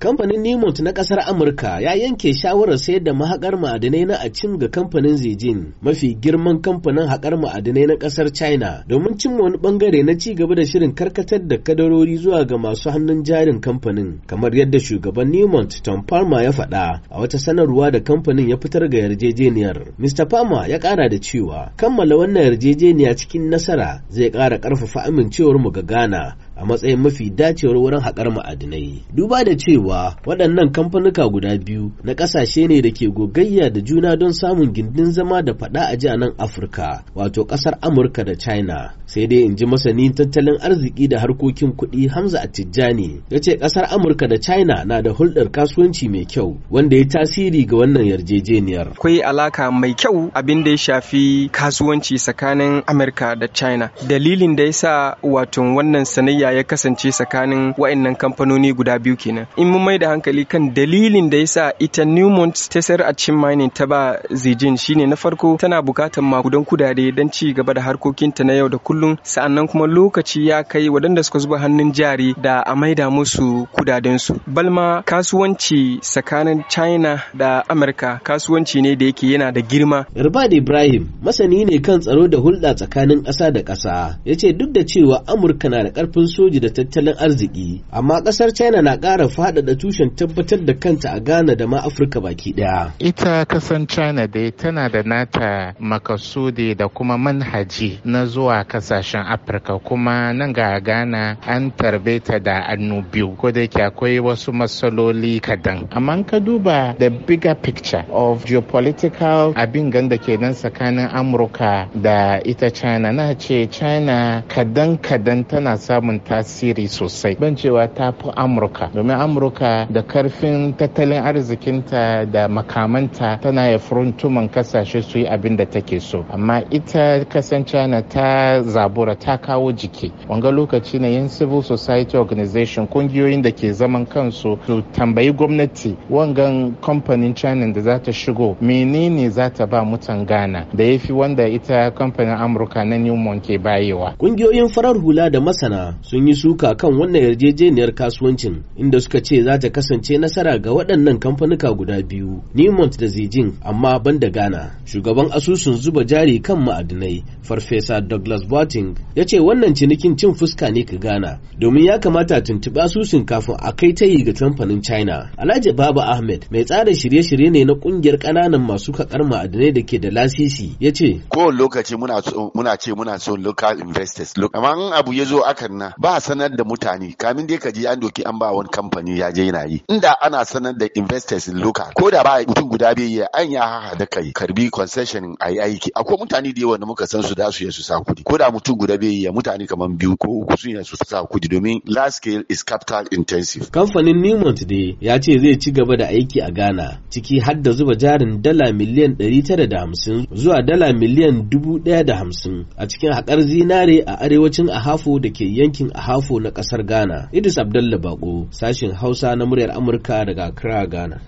Kamfanin Newmont na ƙasar Amurka ya yanke shawarar sayar da mahaƙar ma'adinai na Acim ga kamfanin Zijin, mafi girman kamfanin haƙar ma'adinai na ƙasar China, domin cimma wani ɓangare na ci gaba da shirin karkatar da kadarori zuwa ga masu hannun jarin kamfanin, kamar yadda shugaban Newmont Tom Palmer ya faɗa a wata sanarwa da kamfanin ya fitar ga yarjejeniyar. Mr. Palmer ya ƙara da cewa, kammala wannan yarjejeniya cikin nasara zai ƙara ƙarfafa amincewar mu ga Ghana a matsayin mafi dacewar wurin haƙar ma'adinai. Duba da cewa cewa waɗannan kamfanuka guda biyu na ƙasashe ne da ke gogayya da juna don samun gindin zama da faɗa a ji nan Afirka, wato ƙasar Amurka da China. Sai dai in ji masanin tattalin arziki da harkokin kuɗi Hamza a tijjani ya ce ƙasar Amurka da China na da hulɗar kasuwanci mai kyau wanda ya tasiri ga wannan yarjejeniyar. Akwai alaka mai kyau abin da ya shafi kasuwanci tsakanin Amurka da China. Dalilin da ya sa wato wannan sanayya ya kasance tsakanin wa'annan kamfanoni guda biyu kenan. In mun mai da hankali kan dalilin da yasa ita Newmont ta sayar a cikin mining ta ba Zijin shine na farko tana bukatar makudan kudade don ci gaba da harkokinta na yau da kullum sa'annan kuma lokaci ya kai wadanda suka zuba hannun jari da a maida musu kudadensu. Balma kasuwanci tsakanin China da Amurka kasuwanci ne da yake yana da girma. Irbad Ibrahim masani ne kan tsaro da hulɗa tsakanin ƙasa da ƙasa yace duk da cewa Amurka na da ƙarfin soji da tattalin arziki amma ƙasar China na ƙara faɗa da tushen tabbatar da kanta a Ghana da ma Afirka baki ɗaya. Ita kasan China dai tana da nata makasudi da kuma manhaji na zuwa kasashen Afirka kuma nan ga Ghana an tarbe ta da annu biyu ko da yake akwai wasu matsaloli kadan. Amma ka duba the bigger picture of geopolitical abin ganda ke nan tsakanin Amurka da ita China na ce China kadan kadan tana samun tasiri sosai. Ban cewa ta fi Amurka domin Amurka ayyuka da karfin tattalin arzikinta da makamanta tana ya furuntuman kasashe su yi abin da take so amma ita kasan china ta zabura ta kawo jiki wanga lokaci na yin civil society organization kungiyoyin da ke zaman kansu su tambayi gwamnati wangan kamfanin china da za ta shigo menene za ta ba mutan ghana da ya fi wanda ita kamfanin amurka na newmont ke bayewa kungiyoyin farar hula da masana sun yi suka kan wannan yarjejeniyar kasuwancin inda suka ce za ta kasance nasara ga waɗannan kamfanuka guda biyu Newmont da Zijin amma ban da Ghana. Shugaban asusun zuba jari kan ma'adinai Farfesa Douglas bating ya ce wannan cinikin cin fuska ne ka Ghana domin ya kamata tuntuɓi asusun kafin a kai ta yi ga kamfanin China. Alhaji Baba Ahmed mai tsara shirye-shirye ne na ƙungiyar ƙananan masu kakar ma'adinai da ke da lasisi ya ce. Ko lokaci muna muna ce muna son local investors. Amma in abu ya zo akan na ba sanar da mutane kamin dai ka je an doki an ba wani kamfani ya je yana yi inda ana sanar da investors in local ko da ba mutum guda bai yi an ya haha da kai karbi concession a yi aiki akwai mutane da yawa da muka san su da su su sa kudi ko da mutum guda bai yi mutane kamar biyu ko uku su su sa kudi domin large scale is capital intensive kamfanin Newmont dai ya ce zai ci gaba da aiki a Ghana ciki har da zuba jarin dala miliyan 950 zuwa dala miliyan 1050 a cikin hakar zinare a arewacin Ahafo da ke yankin Ahafo na ƙasar Ghana Idris Abdallah Bako sashin Hausa Hausa na muryar Amurka daga Accra, Ghana.